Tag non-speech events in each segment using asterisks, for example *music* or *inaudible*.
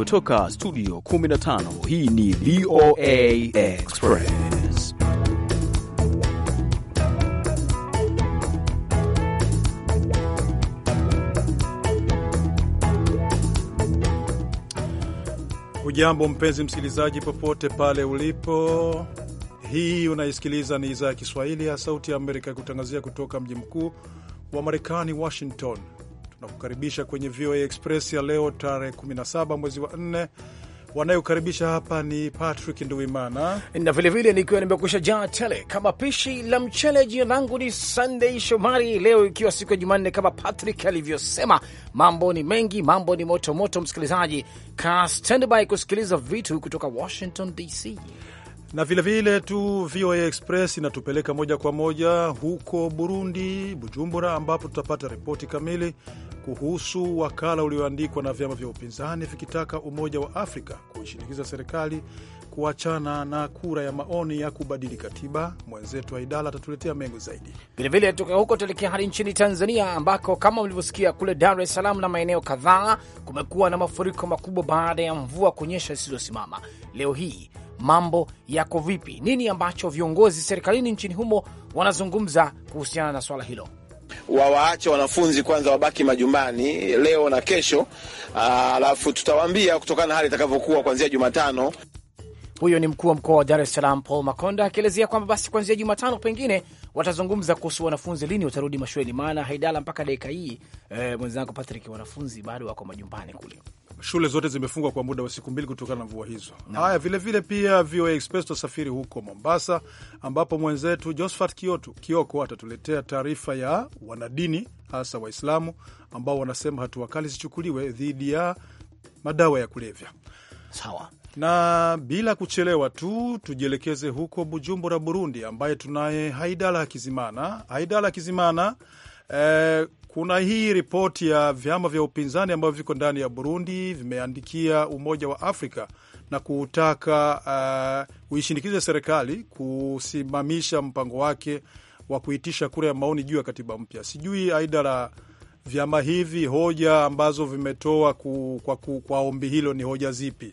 kutoka studio 15 hii ni VOA Express. Ujambo mpenzi msikilizaji, popote pale ulipo, hii unaisikiliza ni idhaa ya Kiswahili ya Sauti ya Amerika kutangazia kutoka mji mkuu wa Marekani, Washington. Tunakukaribisha kwenye VOA Express ya leo tarehe 17 mwezi wa 4 wanayokaribisha hapa ni Patrick Nduimana na vilevile nikiwa nimekusha jaa tele kama pishi la mchele. Jina langu ni Sunday Shomari. Leo ikiwa siku ya Jumanne, kama Patrick alivyosema, mambo ni mengi, mambo ni motomoto. Msikilizaji ka standby kusikiliza vitu kutoka Washington DC na vilevile vile tu VOA Express inatupeleka moja kwa moja huko Burundi, Bujumbura, ambapo tutapata ripoti kamili kuhusu wakala ulioandikwa na vyama vya upinzani vikitaka Umoja wa Afrika kuishinikiza serikali kuachana na kura ya maoni ya kubadili katiba. Mwenzetu wa atatuletea mengo zaidi. Vilevile toka huko tuelekea hadi nchini Tanzania, ambako kama mlivyosikia kule Dar es Salaam na maeneo kadhaa kumekuwa na mafuriko makubwa baada ya mvua kunyesha zisizosimama Leo hii mambo yako vipi? Nini ambacho viongozi serikalini nchini humo wanazungumza kuhusiana na swala hilo? Wawaache wanafunzi kwanza wabaki majumbani leo na kesho, ah, alafu tutawaambia kutokana na hali itakavyokuwa kuanzia Jumatano. Huyo ni mkuu wa mkoa wa Dar es Salaam Paul Makonda akielezea kwamba basi kuanzia Jumatano pengine watazungumza kuhusu wanafunzi lini watarudi mashuleni. Maana haidala mpaka dakika hii e, mwenzangu Patrick, wanafunzi bado wako majumbani kule shule zote zimefungwa kwa muda wa siku mbili kutokana na mvua hizo. Haya, vilevile pia VOA Express tutasafiri huko Mombasa, ambapo mwenzetu Josphat Kioko atatuletea taarifa ya wanadini, hasa Waislamu ambao wanasema hatua kali zichukuliwe dhidi ya madawa ya kulevya. Sawa na bila kuchelewa tu tujielekeze huko Bujumbura, Burundi, ambaye tunaye Haidala Hakizimana. Haidala Hakizimana, eh, kuna hii ripoti ya vyama vya upinzani ambavyo viko ndani ya Burundi vimeandikia Umoja wa Afrika na kutaka uh, uishinikize serikali kusimamisha mpango wake wa kuitisha kura ya maoni juu ya katiba mpya. Sijui aida la vyama hivi hoja ambazo vimetoa ku, kwa, ku, kwa ombi hilo ni hoja zipi?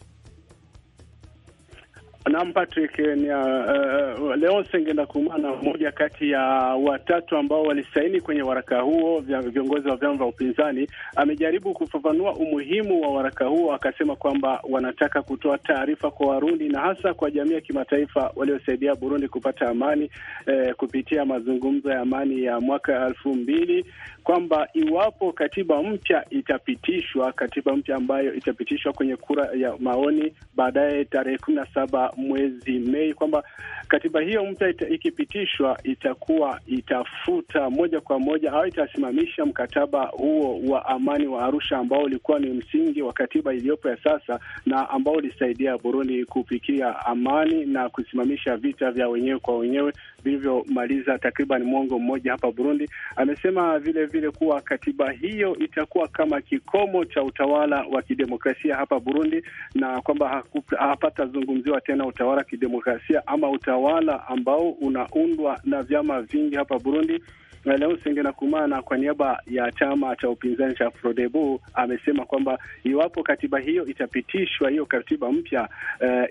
Naam, Patrick ni uh, uh Leonce Kumana, mmoja kati ya watatu ambao walisaini kwenye waraka huo, viongozi wa vyama vya upinzani, amejaribu kufafanua umuhimu wa waraka huo, akasema kwamba wanataka kutoa taarifa kwa Warundi na hasa kwa jamii ya kimataifa waliosaidia Burundi kupata amani eh, kupitia mazungumzo ya amani ya mwaka elfu mbili kwamba iwapo katiba mpya itapitishwa, katiba mpya ambayo itapitishwa kwenye kura ya maoni baadaye tarehe kumi na saba mwezi Mei, kwamba katiba hiyo mpya ita, ikipitishwa itakuwa itafuta moja kwa moja au itasimamisha mkataba huo wa amani wa Arusha ambao ulikuwa ni msingi wa katiba iliyopo ya sasa na ambao ulisaidia Burundi kufikia amani na kusimamisha vita vya wenyewe kwa wenyewe vilivyomaliza takriban mwongo mmoja hapa Burundi. Amesema vile vile kuwa katiba hiyo itakuwa kama kikomo cha utawala wa kidemokrasia hapa Burundi, na kwamba hapatazungumziwa tena utawala wa kidemokrasia ama utawala ambao unaundwa na vyama vingi hapa Burundi. Leonce kumana kwa niaba ya chama cha upinzani cha Frodebu amesema kwamba iwapo katiba hiyo itapitishwa, hiyo katiba mpya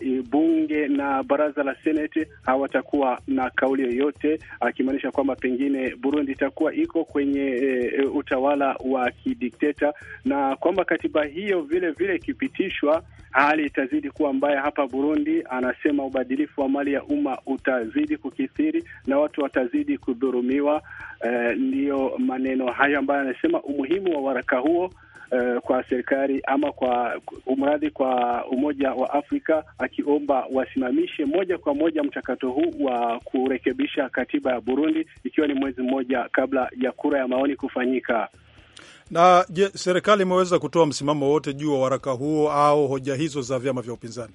e, bunge na baraza la seneti hawatakuwa na kauli yoyote, akimaanisha kwamba pengine Burundi itakuwa iko kwenye e, utawala wa kidikteta na kwamba katiba hiyo vile vile ikipitishwa hali itazidi kuwa mbaya hapa Burundi. Anasema ubadilifu wa mali ya umma utazidi kukithiri na watu watazidi kudhurumiwa. Eh, ndiyo maneno hayo ambayo anasema umuhimu wa waraka huo eh, kwa serikali ama kwa umradhi kwa Umoja wa Afrika akiomba wasimamishe moja kwa moja mchakato huu wa kurekebisha katiba ya Burundi ikiwa ni mwezi mmoja kabla ya kura ya maoni kufanyika. Na je, serikali imeweza kutoa msimamo wote juu wa waraka huo au hoja hizo za vyama vya upinzani?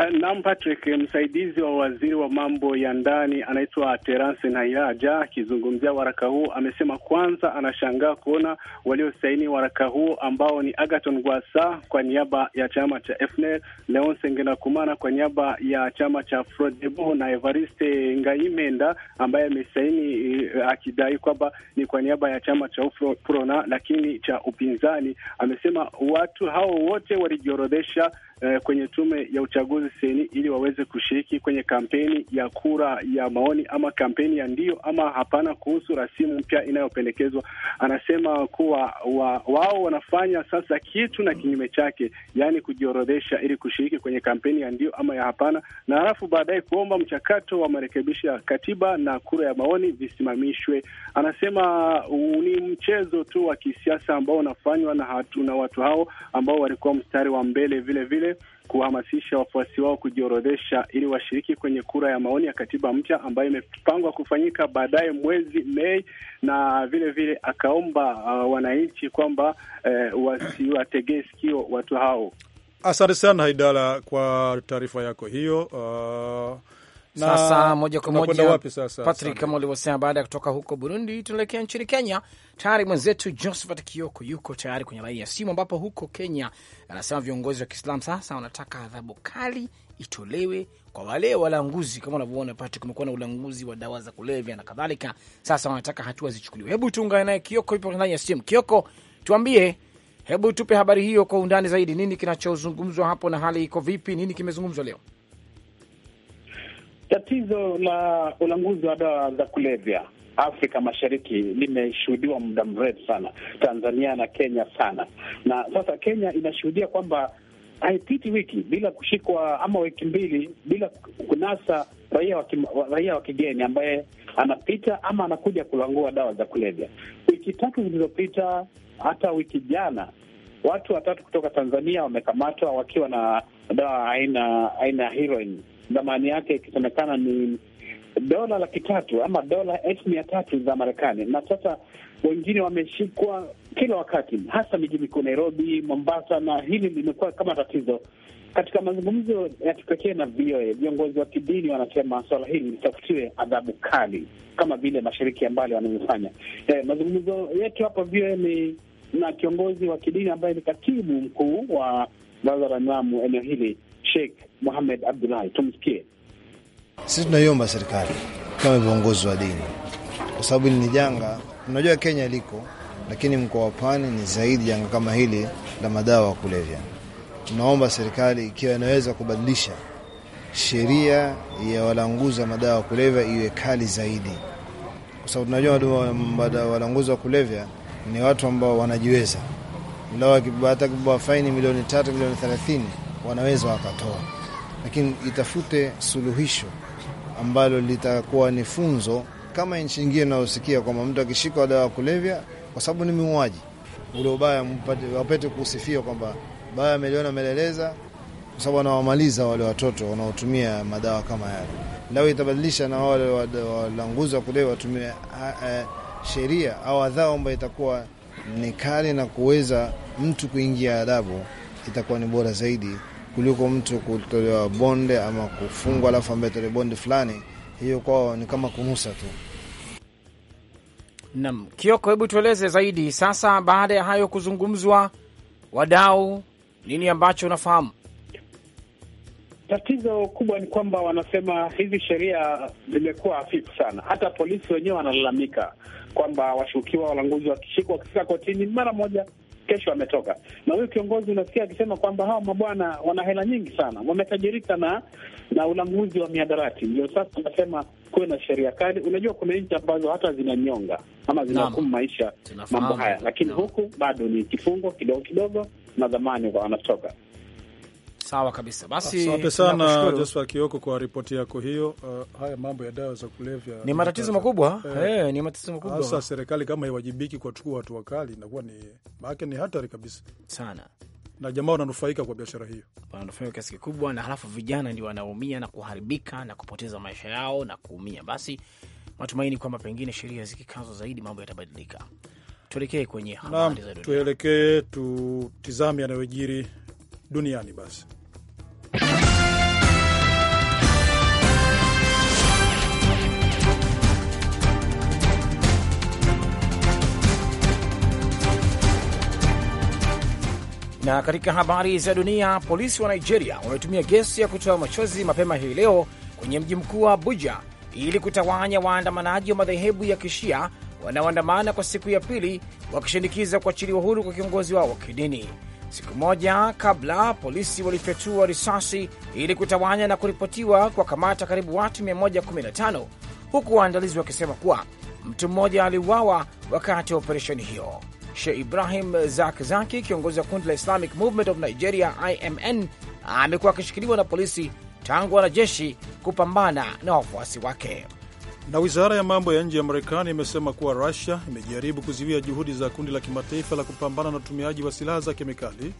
Eh, Nam Patrick, msaidizi wa waziri wa mambo ya ndani anaitwa Terence nairaja akizungumzia waraka huu amesema kwanza anashangaa kuona waliosaini waraka huo ambao ni agaton guasa kwa niaba ya chama cha FNL, leon sengenakumana kwa niaba ya chama cha Frodebo na Evariste Ngaimenda ambaye amesaini eh, akidai kwamba ni kwa niaba ya chama cha UFRONA lakini cha upinzani. Amesema watu hao wote walijiorodhesha eh, kwenye tume ya uchaguzi seni ili waweze kushiriki kwenye kampeni ya kura ya maoni ama kampeni ya ndio ama hapana kuhusu rasimu mpya inayopendekezwa. Anasema kuwa wa, wao wanafanya sasa kitu na kinyume chake, yaani kujiorodhesha ili kushiriki kwenye kampeni ya ndio ama ya hapana, na halafu baadaye kuomba mchakato wa marekebisho ya katiba na kura ya maoni visimamishwe. Anasema ni mchezo tu wa kisiasa ambao unafanywa na, na watu hao ambao walikuwa mstari wa mbele vile vile kuhamasisha wafuasi wao kujiorodhesha ili washiriki kwenye kura ya maoni ya katiba mpya ambayo imepangwa kufanyika baadaye mwezi Mei, na vile vile akaomba uh, wananchi kwamba uh, wasiwategee sikio watu hao. Asante sana Haidala kwa taarifa yako hiyo uh... Na sasa moja kwa moja Patrick, kama ulivyosema, baada ya kutoka huko Burundi tunaelekea nchini Kenya. Tayari mwenzetu Josephat Kioko yuko tayari kwenye laini ya simu, ambapo huko Kenya anasema viongozi wa Kiislamu sasa wanataka adhabu kali itolewe kwa wale walanguzi. Kama unavyoona Patrick, kumekuwa na ulanguzi wa dawa za kulevya na kadhalika. Sasa wanataka hatua zichukuliwe. Hebu tuungane naye Kioko, yupo ndani ya simu. Kioko, tuambie, hebu tupe habari hiyo kwa undani zaidi. Nini kinachozungumzwa hapo na hali iko vipi? Nini kimezungumzwa leo? Tatizo la ulanguzi wa dawa za kulevya Afrika Mashariki limeshuhudiwa muda mrefu sana, Tanzania na Kenya sana, na sasa Kenya inashuhudia kwamba haipiti wiki bila kushikwa ama wiki mbili bila kunasa raia wa raia wa kigeni ambaye anapita ama anakuja kulangua dawa za kulevya. Wiki tatu zilizopita, hata wiki jana, watu watatu kutoka Tanzania wamekamatwa wakiwa na dawa aina aina ya heroin thamani yake ikisemekana ni dola laki tatu ama dola elfu mia tatu za Marekani. Na sasa wengine wameshikwa kila wakati, hasa miji mikuu Nairobi, Mombasa, na hili limekuwa kama tatizo. Katika mazungumzo ya kipekee na VOA, viongozi wa kidini wanasema swala hili litafutiwe adhabu kali kama vile mashiriki ya mbali wanavyofanya. Eh, mazungumzo yetu hapa VOA ni na kiongozi wa kidini ambaye ni katibu mkuu wa baraza la imamu eneo hili Sheikh Mohamed Abdullahi, tumsikie. Sisi tunaiomba serikali kama viongozi wa dini, kwa sababu hili ni janga. Unajua Kenya liko, lakini mkoa wa Pwani ni zaidi janga kama hili la madawa ya kulevya. Tunaomba serikali ikiwa inaweza kubadilisha sheria ya walanguzi wa madawa ya kulevya iwe kali zaidi, kwa sababu tunajua walanguzi wa kulevya ni watu ambao wanajiweza, ingawa hata faini milioni tatu milioni thelathini wanaweza wakatoa, lakini itafute suluhisho ambalo litakuwa ni funzo, kama nchi nyingine inayosikia kwamba mtu akishikwa dawa ya kulevya, kwa sababu ni muuaji, ule ubaya wapate kusifia kwamba baya ameliona ameleleza, kwa sababu anawamaliza wale watoto wanaotumia madawa kama yale. Lau itabadilisha na wale walanguzi wa kulevya watumie e, sheria au adhabu ambayo itakuwa ni kali na kuweza mtu kuingia adabu itakuwa ni bora zaidi kuliko mtu kutolewa bonde ama kufungwa, alafu ambaye tolewa bonde fulani, hiyo kwao ni kama kunusa tu. Nam Kioko, hebu tueleze zaidi sasa, baada ya hayo kuzungumzwa, wadau, nini ambacho unafahamu? Tatizo kubwa ni kwamba wanasema hizi sheria zimekuwa hafifu sana. Hata polisi wenyewe wanalalamika kwamba washukiwa walanguzi wakishikwa, wakifika kotini, mara moja kesho ametoka. Na huyu kiongozi unasikia akisema kwamba hawa mabwana wana hela nyingi sana, wametajirika na na ulanguzi wa miadarati. Ndio sasa anasema kuwe na sheria kali. Unajua kuna nchi ambazo hata zinanyonga ama zinahukumu maisha mambo haya, lakini huku bado ni kifungo kidogo kidogo na dhamani wanatoka Sawa kabisa. Basi asante sana Joshua Kioko kwa ripoti yako hiyo. Uh, haya mambo ya dawa za kulevya ni matatizo makubwa eh, hey, ni matatizo makubwa. Sasa serikali kama haiwajibiki kuwachukua watu wakali, inakuwa ni maake, ni hatari kabisa sana na jamaa wananufaika kwa biashara hiyo, wananufaika kiasi kikubwa, na halafu vijana ndio wanaumia na kuharibika na kupoteza maisha yao na kuumia. Basi matumaini kwamba pengine sheria zikikazwa zaidi mambo yatabadilika. Tuelekee kwenye habari za dunia, tuelekee tutizame yanayojiri duniani basi. Na katika habari za dunia, polisi wa Nigeria wametumia gesi ya kutoa machozi mapema hii leo kwenye mji mkuu wa Abuja ili kutawanya waandamanaji wa madhehebu ya Kishia wanaoandamana kwa siku ya pili wakishinikiza kuachiliwa huru kwa kiongozi wao wa kidini. Siku moja kabla, polisi walifyatua risasi ili kutawanya na kuripotiwa kwa kamata karibu watu 115 huku waandalizi wakisema kuwa mtu mmoja aliuawa wakati wa operesheni hiyo. Sheikh Ibrahim Zakzaki, kiongozi wa kundi la Islamic Movement of Nigeria IMN, amekuwa akishikiliwa na polisi tangu wanajeshi kupambana na wafuasi wake. Na wizara ya mambo ya nje ya Marekani imesema kuwa Rusia imejaribu kuziwia juhudi za kundi la kimataifa la kupambana na utumiaji wa silaha za kemikali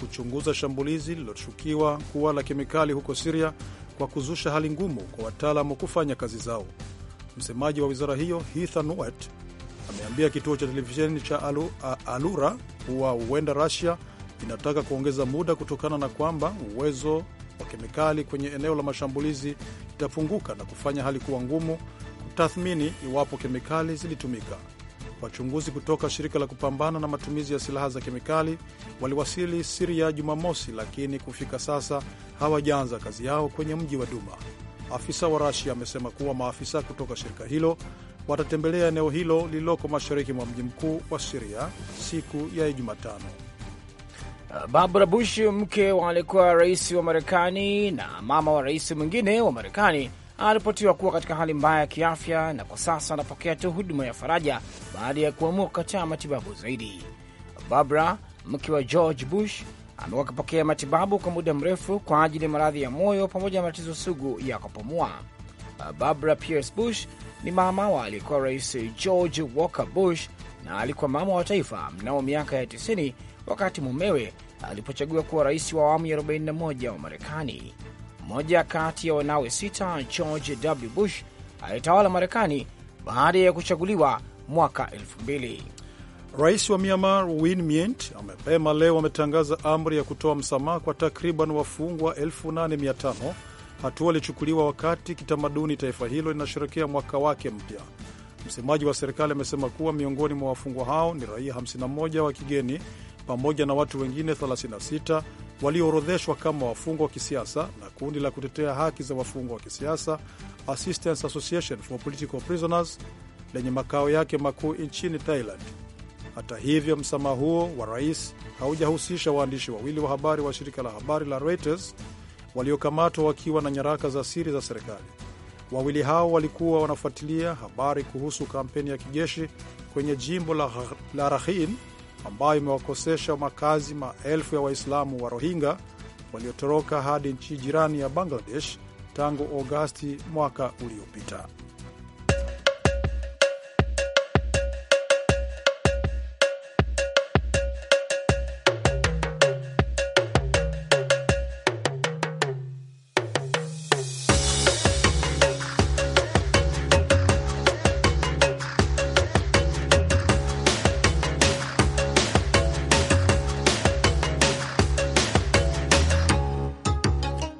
kuchunguza shambulizi lililoshukiwa kuwa la kemikali huko Siria kwa kuzusha hali ngumu kwa wataalamu kufanya kazi zao. Msemaji wa wizara hiyo Heather Nauert ameambia kituo cha televisheni cha alu, a, Alura kuwa huenda rasia inataka kuongeza muda kutokana na kwamba uwezo wa kemikali kwenye eneo la mashambulizi itapunguka na kufanya hali kuwa ngumu kutathmini iwapo kemikali zilitumika. Wachunguzi kutoka shirika la kupambana na matumizi ya silaha za kemikali waliwasili Siria Jumamosi, lakini kufika sasa hawajaanza kazi yao kwenye mji wa Duma. Afisa wa Rasia amesema kuwa maafisa kutoka shirika hilo watatembelea eneo hilo lililoko mashariki mwa mji mkuu wa Siria siku ya Jumatano. Barbara Bush, mke wa aliyekuwa rais wa Marekani na mama wa rais mwingine wa Marekani, anaripotiwa kuwa katika hali mbaya ya kiafya na kwa sasa anapokea tu huduma ya faraja baada ya kuamua kukataa matibabu zaidi. Barbara, mke wa George Bush, amekuwa akipokea matibabu kwa muda mrefu kwa ajili ya maradhi ya moyo pamoja na matatizo sugu ya kupumua. Uh, Barbara Pierce Bush ni mama wa aliyekuwa Rais George Walker Bush na alikuwa mama wa taifa mnamo miaka ya 90 wakati mumewe alipochagua kuwa rais wa awamu ya 41 wa Marekani. Mmoja kati ya wanawe sita, George W. Bush alitawala Marekani baada ya kuchaguliwa mwaka 2000. Rais wa Myanmar Win Myint amepema leo ametangaza amri ya kutoa msamaha kwa takriban wafungwa 8500 Hatua ilichukuliwa wakati kitamaduni taifa hilo linasherekea mwaka wake mpya. Msemaji wa serikali amesema kuwa miongoni mwa wafungwa hao ni raia 51 wa kigeni pamoja na watu wengine 36 walioorodheshwa kama wafungwa wa kisiasa na kundi la kutetea haki za wafungwa wa kisiasa Assistance Association for Political Prisoners lenye makao yake makuu nchini Thailand. Hata hivyo, msamaha huo wa rais haujahusisha waandishi wawili wa habari wa shirika la habari la Reuters waliokamatwa wakiwa na nyaraka za siri za serikali. Wawili hao walikuwa wanafuatilia habari kuhusu kampeni ya kijeshi kwenye jimbo la, la Rakhine ambayo imewakosesha makazi maelfu ya Waislamu wa Rohingya waliotoroka hadi nchi jirani ya Bangladesh tangu Agosti mwaka uliopita.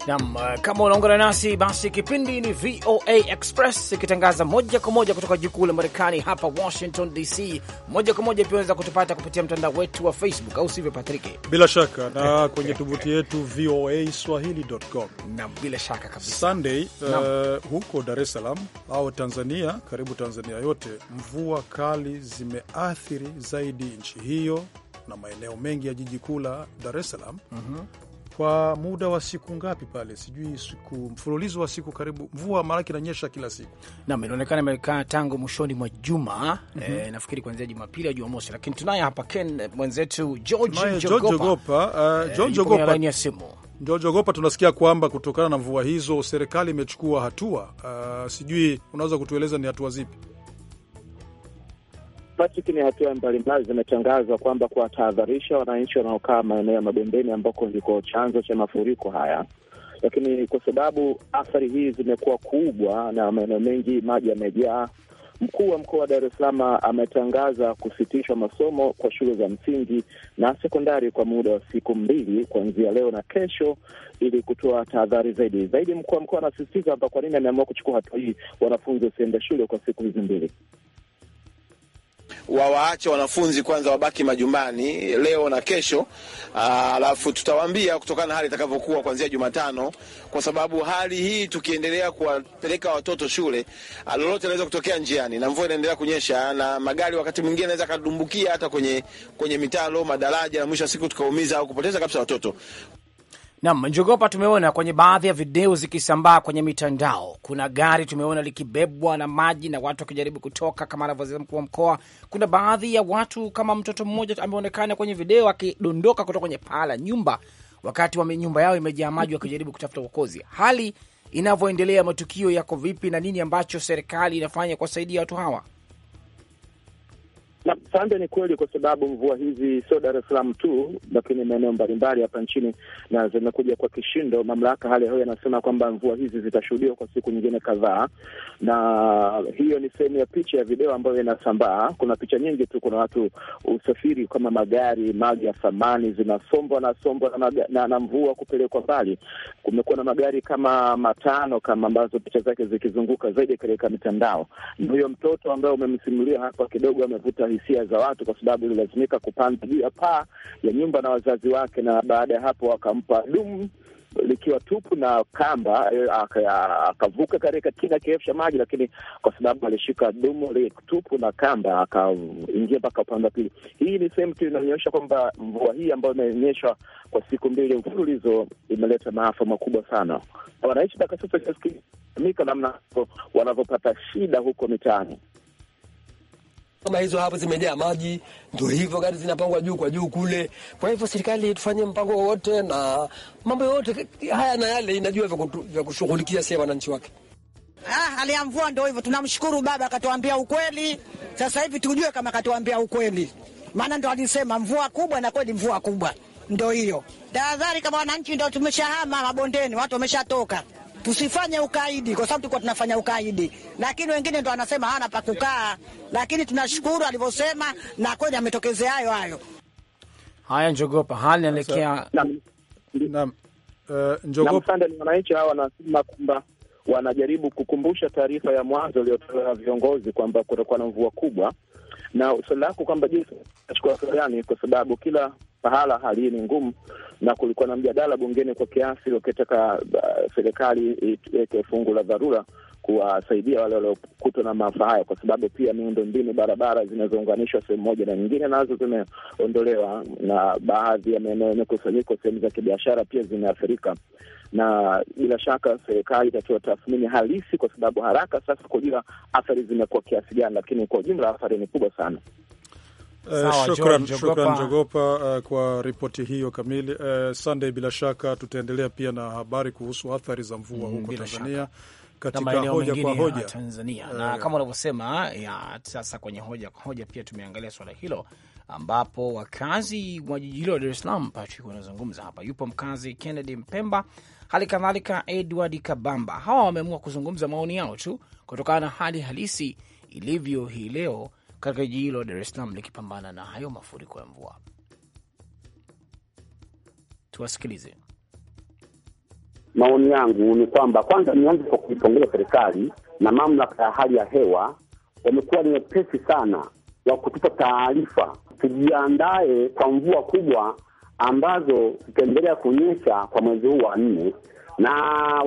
Nam, eh, kama unaungana nasi basi, kipindi ni VOA Express ikitangaza moja kwa moja kutoka jukuu la Marekani hapa Washington DC. Moja kwa moja pia unaweza kutupata kupitia mtandao wetu wa Facebook, au sivyo Patriki? Bila shaka na kwenye tovuti yetu VOA Swahili.com. Nam, bila shaka kabisa. Sunday uh, huko Dar es Salaam au Tanzania, karibu Tanzania yote, mvua kali zimeathiri zaidi nchi hiyo na maeneo mengi ya jiji kuu la Dar es Salaam mm -hmm kwa muda wa siku ngapi pale? Sijui siku mfululizo wa siku karibu, mvua maanake inanyesha kila siku. Naam, inaonekana imekaa tangu mwishoni mwa juma mm -hmm. E, nafikiri kuanzia Jumapili au Jumamosi, lakini tunaye hapa Ken eh, mwenzetu George eh, simu tunasikia kwamba kutokana na mvua hizo serikali imechukua hatua. Uh, sijui unaweza kutueleza ni hatua zipi? Patrick, ni hatua mbalimbali zimetangazwa kwamba kuwatahadharisha wananchi wanaokaa maeneo ya mabembeni ambako ndiko chanzo cha mafuriko haya, lakini kwa sababu athari hii zimekuwa kubwa na maeneo mengi maji yamejaa, mkuu wa mkoa wa Dar es Salaam ametangaza kusitishwa masomo kwa shule za msingi na sekondari kwa muda wa siku mbili kuanzia leo na kesho, ili kutoa tahadhari zaidi zaidi. Mkuu wa mkoa anasisitiza hapa kwa nini ameamua kuchukua hatua hii, wanafunzi wasiende shule kwa siku hizi mbili wawaache wanafunzi kwanza wabaki majumbani leo na kesho, ah, alafu tutawaambia kutokana na hali itakavyokuwa kuanzia Jumatano, kwa sababu hali hii tukiendelea kuwapeleka watoto shule, ah, lolote linaweza kutokea njiani, na mvua inaendelea kunyesha, na magari wakati mwingine anaweza kadumbukia hata kwenye, kwenye mitalo, madaraja, na mwisho wa siku tukaumiza au kupoteza kabisa watoto. Nam njogopa, tumeona kwenye baadhi ya video zikisambaa kwenye mitandao, kuna gari tumeona likibebwa na maji na watu wakijaribu kutoka, kama anavyozia mkuu wa mkoa. Kuna baadhi ya watu kama mtoto mmoja ameonekana kwenye video akidondoka kutoka kwenye paa la nyumba, wakati wa nyumba yao imejaa maji, wakijaribu kutafuta uokozi. Hali inavyoendelea, matukio yako vipi na nini ambacho serikali inafanya kuwasaidia watu hawa? Na sande, ni kweli kwa sababu mvua hizi sio Dar es Salaam tu, lakini maeneo mbalimbali hapa nchini na zimekuja kwa kishindo. Mamlaka hali ya hewa inasema kwamba mvua hizi zitashuhudiwa kwa siku nyingine kadhaa, na hiyo ni sehemu ya picha ya video ambayo inasambaa. Kuna picha nyingi tu, kuna watu usafiri, kama magari, mali ya thamani zinasombwa na sombwa na, na, na mvua kupelekwa mbali. Kumekuwa na magari kama matano kama ambazo picha zake zikizunguka zaidi katika mitandao. Huyo mtoto ambaye umemsimulia hapa kidogo amevuta hisia za watu, kwa sababu ililazimika kupanda juu ya paa ya nyumba na wazazi wake, na baada ya hapo wakampa dumu likiwa tupu na kamba, e, akavuka katika kina kirefu cha maji, lakini kwa sababu alishika dumu li tupu na kamba, akaingia mpaka upande wa pili. Hii ni sehemu tu inaonyesha kwamba mvua hii ambayo imeonyeshwa kwa siku mbili mfululizo imeleta maafa makubwa sana. Wananchi mpaka sasa namna wanavyopata shida huko mitaani kama hizo hapo zimejaa maji, ndio hivyo, gari zinapangwa juu kwa juu kule. Kwa hivyo serikali tufanye mpango wowote na mambo yote haya na yale, inajua vya kushughulikia sie wananchi wake. Ah, hali ya mvua ndio hivyo. Tunamshukuru baba akatuambia ukweli. Sasa hivi tujue kama akatuambia ukweli, maana ndo alisema mvua kubwa, na kweli mvua kubwa ndo hiyo. Tahadhari kama wananchi, ndo tumeshahama mabondeni, watu wameshatoka Tusifanye ukaidi, kwa sababu tulikuwa tunafanya ukaidi, lakini wengine ndo wanasema hana pa kukaa, lakini tunashukuru alivyosema, na kweli ametokezea hayo hayo. Haya, njogopa hali naelekea naam. Eh, ni wananchi hawa wanasema kwamba wanajaribu kukumbusha taarifa ya mwanzo iliyotolewa na viongozi kwamba kutakuwa na mvua kubwa na swali lako kwamba jinsi achukua hatua gani, kwa sababu kila pahala hali hii ni ngumu, na kulikuwa na mjadala bungeni kwa kiasi wakitaka uh, serikali iweke fungu la dharura kuwasaidia wale waliokutwa na maafa hayo, kwa sababu pia miundo mbinu barabara zinazounganishwa sehemu moja na nyingine nazo zimeondolewa, na baadhi ya maeneo yenye kusanyiko, sehemu za kibiashara pia zimeathirika na bila shaka serikali itatoa tathmini halisi, kwa sababu haraka sasa kujua athari zimekuwa kiasi gani, lakini kwa ujumla athari ni kubwa sana. Eh, shukran Jogopa eh, kwa ripoti hiyo kamili. Uh, Sunday, bila shaka tutaendelea pia na habari kuhusu athari za mvua mm, huko Tanzania Katika hoja kwa hoja Tanzania uh, na kama unavyosema sasa kwenye hoja kwa hoja pia tumeangalia swala hilo ambapo wakazi wa jiji hilo la Dar es Salaam, Patrick wanazungumza hapa, yupo mkazi Kennedy Mpemba, hali kadhalika Edward Kabamba. Hawa wameamua kuzungumza maoni yao tu kutokana na hali halisi ilivyo hii leo katika jiji hilo la Dar es Salaam likipambana na hayo mafuriko ya mvua. Tuwasikilize. Maoni yangu ni kwamba kwanza nianze kwa kuipongeza serikali na mamlaka ya hali ya hewa, wamekuwa ni wepesi sana wa kutupa taarifa tujiandae kwa mvua kubwa ambazo zitaendelea kunyesha kwa mwezi huu wa nne, na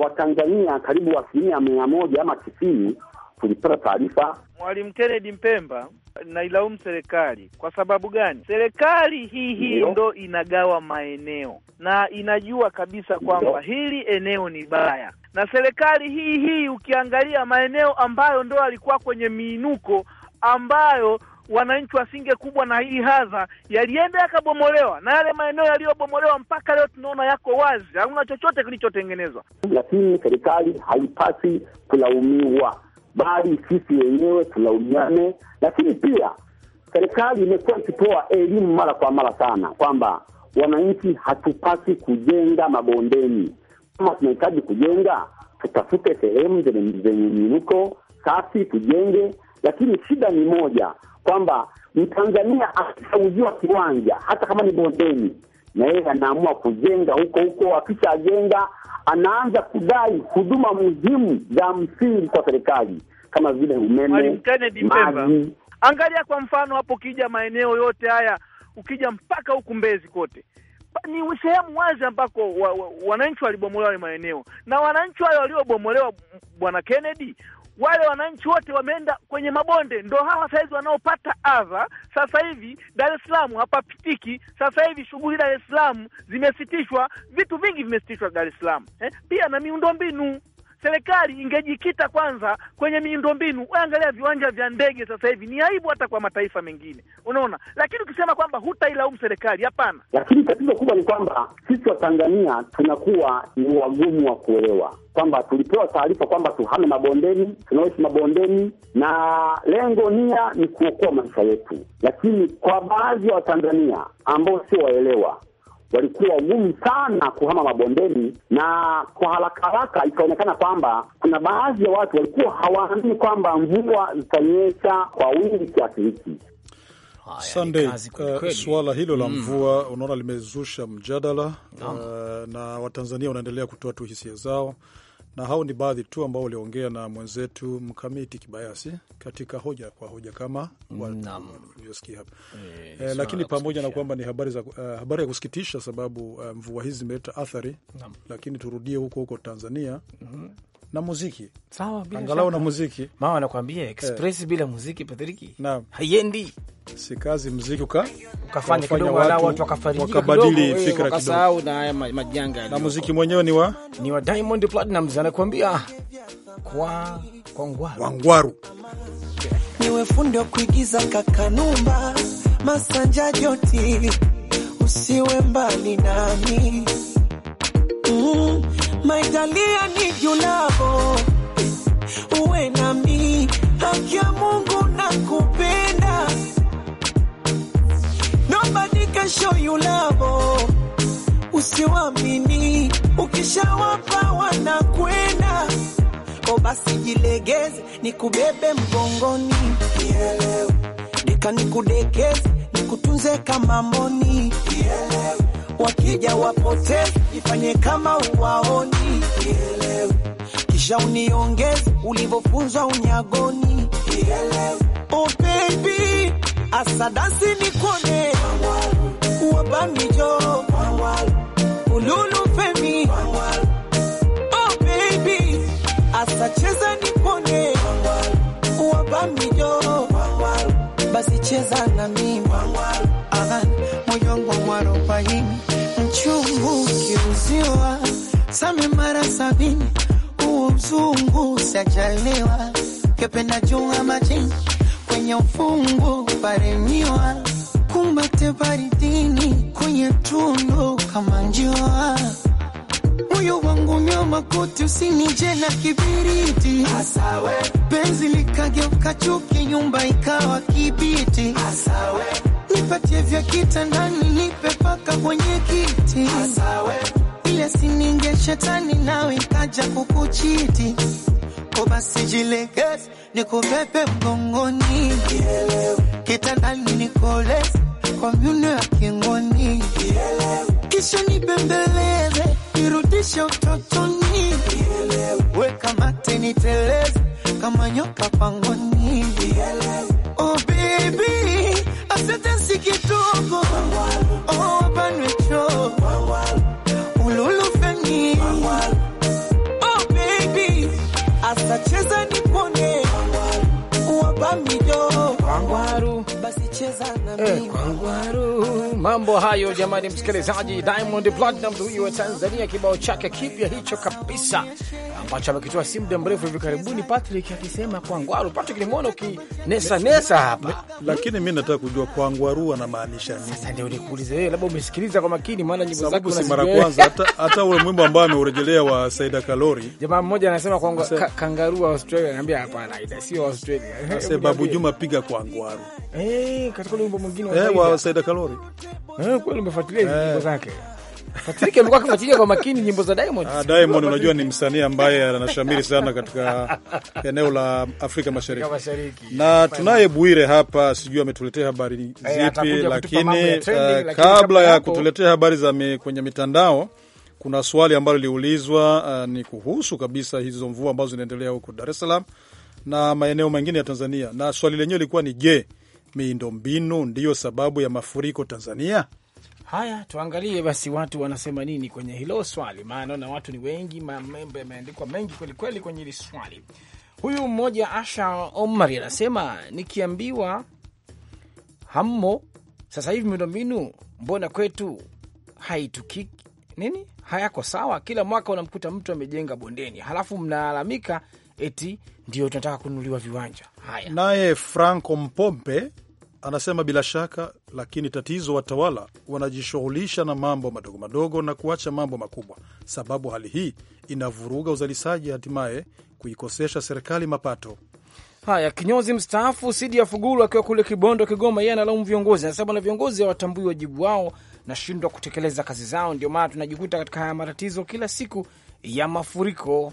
Watanzania karibu asilimia mia moja ama tisini tulipata taarifa. Mwalimu Kennedy Mpemba, nailaumu serikali kwa sababu gani? Serikali hii hii ndo inagawa maeneo na inajua kabisa kwamba hili eneo ni baya, na serikali hii hii ukiangalia maeneo ambayo ndo alikuwa kwenye miinuko ambayo wananchi wasinge kubwa na hii hadha, yalienda yakabomolewa, na yale maeneo yaliyobomolewa mpaka leo tunaona yako wazi, hakuna chochote kilichotengenezwa. Lakini serikali haipasi kulaumiwa, bali sisi wenyewe tulaumiane. Lakini pia serikali imekuwa ikitoa elimu mara kwa mara sana kwamba wananchi hatupasi kujenga mabondeni. Kama tunahitaji kujenga, tutafute sehemu zenye miinuko safi tujenge, lakini shida ni moja, kwamba Mtanzania akishauziwa kiwanja hata kama ni bondeni, na yeye anaamua kujenga huko huko. Akishajenga anaanza kudai huduma muhimu za msingi kwa serikali kama vile umeme, maji. Angalia kwa mfano hapo, ukija maeneo yote haya, ukija mpaka huku Mbezi kote ni sehemu wazi ambako wananchi wa, wananchi walibomolewa maeneo na wananchi wale waliobomolewa, Bwana Kennedy, wale wananchi wote wameenda kwenye mabonde, ndo hawa sahizi wanaopata adha. Sasa hivi Dar es Salaam hapapitiki, sasa hivi shughuli Dar es Salaam zimesitishwa, vitu vingi vimesitishwa Dar es Salaam eh, pia na miundombinu serikali ingejikita kwanza kwenye miundombinu. Angalia viwanja vya ndege sasa hivi ni aibu hata kwa mataifa mengine, unaona. Lakini ukisema kwamba hutailaumu serikali, hapana. Lakini tatizo kubwa ni kwamba sisi Watanzania tunakuwa ni wagumu wa kuelewa kwamba tulipewa taarifa kwamba tuhame mabondeni, tunaweshi mabondeni na lengo nia ni kuokoa maisha yetu, lakini kwa baadhi ya Watanzania ambao sio waelewa walikuwa wagumu sana kuhama mabondeni, na kwa haraka haraka ikaonekana kwamba kuna baadhi ya watu walikuwa hawaamini kwamba mvua zitanyesha kwa wingi kiasi hiki. Sunday, uh, suala hilo la mm. mvua mm, unaona limezusha mjadala no. Uh, na Watanzania wanaendelea kutoa tu hisia zao na hao ni baadhi tu ambao waliongea na mwenzetu Mkamiti Kibayasi katika hoja kwa hoja kama uliosikia hapa e, e, lakini pamoja na kwamba ni habari, za, uh, habari ya kusikitisha sababu uh, mvua hizi zimeleta athari Nam. Lakini turudie huko huko Tanzania mm -hmm na muziki sawa, bila angalau na muziki. Mama anakuambia eh. express eh, bila muziki Patriki haiendi, si kazi muziki uka ukafanya kidogo, wala watu wakafariki wakabadili fikra kidogo, wakasahau na haya majanga. Na muziki mwenyewe ni wa ni wa Diamond Platnumz, anakuambia kwa kwa ngwaru wangwaru, niwe fundi wa kuigiza kakanumba masanja joti, usiwe mbali nami mm. My darling, if you love, uwe na mi, haki ya Mungu nakupenda. Nobody can show you love, usiwamini, ukishawapa wanakwenda. O, basi jilegeze, nikubebe mgongoni, nikani kudekeze, nikutunze kama moni. Yelewe wakija wapoteze, jifanye kama uwaoni, kielewe kisha uniongeze ulivyofunzwa unyagoni, kielewe. oh baby asadasi nikone wabamijo ululu femi oh baby asacheza nikone wabamijo basi cheza na mimi moyongo mwarobaini maziwa same mara sabini, huu mzungu sajaliwa, kependa jua majini kwenye ufungu paremiwa, kumbate baridini kwenye tundo kama njiwa, moyo wangu nyoma kuti usinije na kibiriti, penzi likageuka chuki, nyumba ikawa kibiti Asawe. Nipatie vya kitandani nipe paka kwenye kiti Asawe ile sininge shetani nawe ikaja kukuchiti ko basi jilegeze nikubebe mgongoni kitandani nikoleze kwa myuno ya kingoni kisha nibembeleze nirudishe utotoni we kamate niteleze kama nyoka pangoni oh baby asante sikitu mambo hayo jamani, msikilizaji. Diamond Platinum huyu wa Tanzania, kibao chake kipya hicho kabisa ambacho amekitoa si muda mrefu hivi karibuni, Patrick akisema Kwangwaru. Patrick, nimeona ukinesa nesa hapa, lakini mi nataka kujua Kwangwaru anamaanisha nini? Sasa ndio nikuulize wewe, labda umesikiliza kwa makini, maana nyimbo zake si mara kwanza. Hata hata ule mwimbo ambao ameurejelea wa Saida Kalori, jamaa mmoja anasema kwangwa wa Australia, ananiambia hapana, ida sio Australia. sababu Juma piga Kwangwaru Eh, katika wimbo mwingine eh wa Saida Kalori. Eh, kweli umefuatilia nyimbo eh. zake. Patrick amekuwa akifuatilia kwa makini nyimbo za Diamond. Ah, Diamond unajua ni msanii ambaye anashamiri sana katika eneo la Afrika Mashariki. Na tunaye Bwire hapa, sijui ametuletea habari eh, zipi hey, lakini uh, kabla ya kutuletea habari za mi, kwenye mitandao kuna swali ambalo liliulizwa uh, ni kuhusu kabisa hizo mvua ambazo zinaendelea huko Dar es Salaam na maeneo mengine ya Tanzania. Na swali lenyewe lilikuwa ni je, miundombinu ndiyo sababu ya mafuriko Tanzania? Haya, tuangalie basi watu wanasema nini kwenye hilo swali, maana naona watu ni wengi, mamembo yameandikwa mengi kwelikweli kwenye hili swali. Huyu mmoja Asha Omari anasema nikiambiwa hammo sasa hivi miundombinu mbona kwetu haitukiki nini, hayako sawa. Kila mwaka unamkuta mtu amejenga bondeni, halafu mnalalamika eti ndio tunataka kununuliwa viwanja haya. Naye Franco Mpompe anasema bila shaka, lakini tatizo watawala wanajishughulisha na mambo madogo madogo na kuacha mambo makubwa, sababu hali hii inavuruga uzalishaji, hatimaye kuikosesha serikali mapato. Haya, kinyozi mstaafu Sidi ya Fugulu akiwa kule Kibondo, Kigoma, yeye analaumu viongozi, anasema na viongozi hawatambui wajibu wao, nashindwa kutekeleza kazi zao, ndio maana tunajikuta katika haya matatizo kila siku ya mafuriko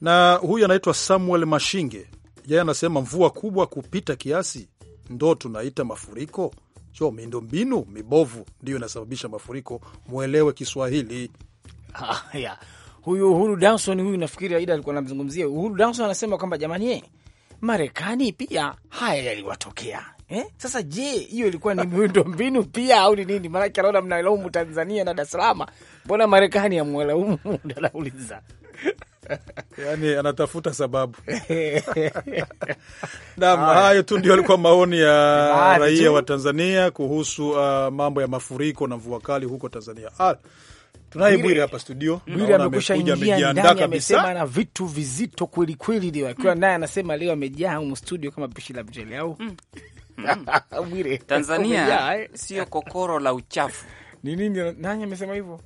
na huyu anaitwa Samuel Mashinge. Yeye anasema mvua kubwa kupita kiasi ndo tunaita mafuriko. So miundo mbinu mibovu ndiyo inasababisha mafuriko, mwelewe Kiswahili. Haya, ah, huyu Uhuru Danson, huyu nafikiri Aida alikuwa anamzungumzia Uhuru Danson, anasema kwamba jamani, ye eh, Marekani pia haya yaliwatokea eh? Sasa je, hiyo ilikuwa ni miundo mbinu pia au ni nini? Maanake anaona mnalaumu Tanzania na Dar es Salaam, mbona Marekani amwalaumu? *laughs* Nauliza *laughs* yani anatafuta sababu *laughs* nam. Hayo tu ndio alikuwa maoni ya *laughs* raia wa Tanzania kuhusu uh, mambo ya mafuriko na mvua kali huko Tanzania. ah, tunaye Bwire hapa studio. Bwire amekusha ingia ndani, amesema na vitu vizito kweli kweli, leo akiwa mm. naye anasema leo amejaa humu studio kama pishi la mchele au mm. ah, Bwire, Tanzania eh? sio kokoro la uchafu. Ni nini? Nani amesema hivyo?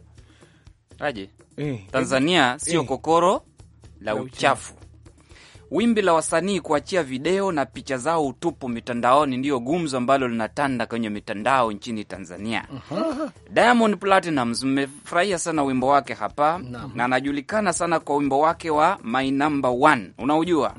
Aje, eh, Tanzania sio eh, kokoro la uchafu. Wimbi la wasanii kuachia video na picha zao utupu mitandaoni ndiyo gumzo ambalo linatanda kwenye mitandao nchini Tanzania. Uh-huh. Diamond mmefurahia sana wimbo wake hapa na, na anajulikana sana kwa wimbo wake wa My Number One, unaujua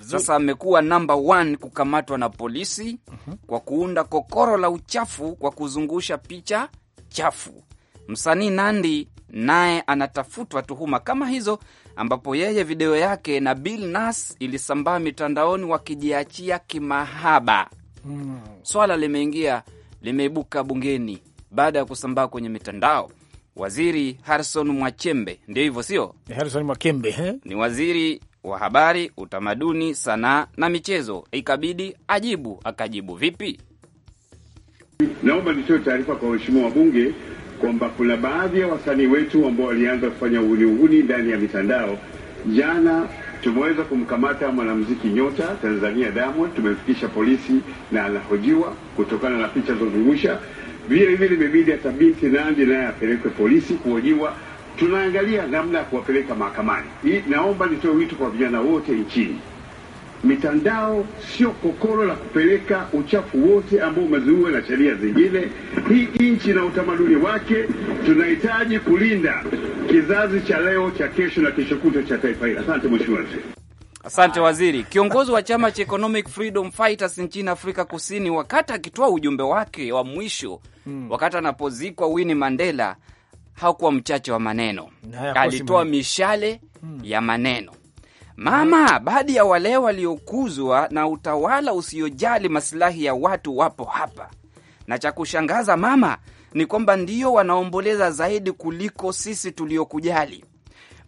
sasa amekuwa number one kukamatwa na polisi uh-huh. kwa kuunda kokoro la uchafu kwa kuzungusha picha chafu. Msanii Nandi naye anatafutwa tuhuma kama hizo ambapo yeye video yake na Bill Nas ilisambaa mitandaoni wakijiachia kimahaba. Mm. Swala limeingia limeibuka bungeni baada ya kusambaa kwenye mitandao. Waziri Harrison Mwachembe, ndio hivyo, sio Harrison Mwachembe eh? ni waziri wa habari, utamaduni, sanaa na michezo. Ikabidi ajibu. Akajibu vipi? Naomba nitoe taarifa kwa waheshimiwa wabunge kwamba kuna baadhi ya wasanii wetu ambao walianza kufanya uhuni ndani ya mitandao. Jana tumeweza kumkamata mwanamuziki nyota Tanzania Diamond, tumemfikisha polisi na anahojiwa kutokana na picha zozungusha. Vile vile imebidi hata binti Nandi naye apelekwe polisi kuhojiwa. Tunaangalia namna ya kuwapeleka mahakamani. naomba nitoe wito kwa vijana wote nchini Mitandao sio kokoro la kupeleka uchafu wote ambao umezuiwa na sheria zingine. Hii nchi na utamaduni wake, tunahitaji kulinda kizazi cha leo, cha kesho na kesho kutwa cha taifa hili. Asante mheshimiwa waziri. Asante waziri. Kiongozi wa chama cha Economic Freedom Fighters nchini Afrika Kusini, wakati akitoa ujumbe wake wa mwisho hmm, wakati anapozikwa Winnie Mandela hakuwa mchache wa maneno, alitoa mishale hmm, ya maneno Mama, baadhi ya wale waliokuzwa na utawala usiojali masilahi ya watu wapo hapa, na cha kushangaza mama ni kwamba ndio wanaomboleza zaidi kuliko sisi tuliokujali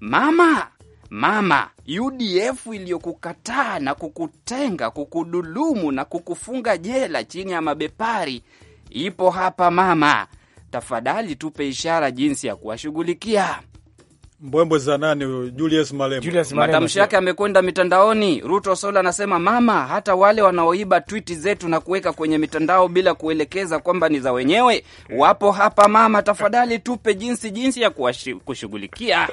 mama. Mama, UDF iliyokukataa na kukutenga, kukudulumu na kukufunga jela chini ya mabepari ipo hapa mama. Tafadhali tupe ishara jinsi ya kuwashughulikia mbwembwe za nani? Julius Malema, Julius Malema. Matamshi yake amekwenda mitandaoni. Ruto Sola anasema mama, hata wale wanaoiba twiti zetu na kuweka kwenye mitandao bila kuelekeza kwamba ni za wenyewe wapo hapa. Mama, tafadhali tupe jinsi jinsi ya kushughulikia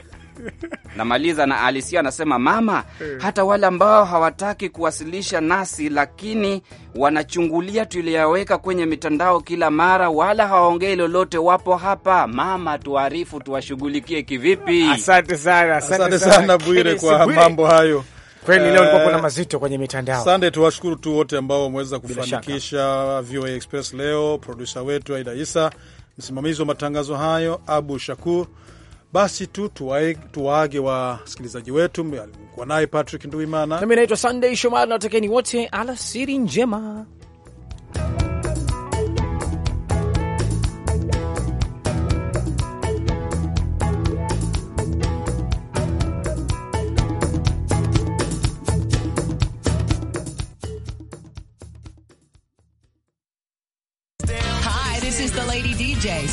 Namaliza na Alisia anasema mama, eh. hata wale ambao hawataki kuwasilisha nasi, lakini wanachungulia tuliyaweka kwenye mitandao kila mara, wala hawaongei lolote, wapo hapa. Mama, tuarifu, tuwashughulikie kivipi? Asante sana, asante, sana Bwire kwa mambo hayo. Kweli leo uh, kuna mazito kwenye mitandao. Sande, tuwashukuru tu wote ambao wameweza kufanikisha VOA Express leo, produsa wetu Aida Isa, msimamizi wa matangazo hayo Abu Shakur. Basi tu tuwaage wasikilizaji wetu. Alikuwa naye Patrick Nduimana, nami naitwa Sunday Shomari, na watakeni wote alasiri njema.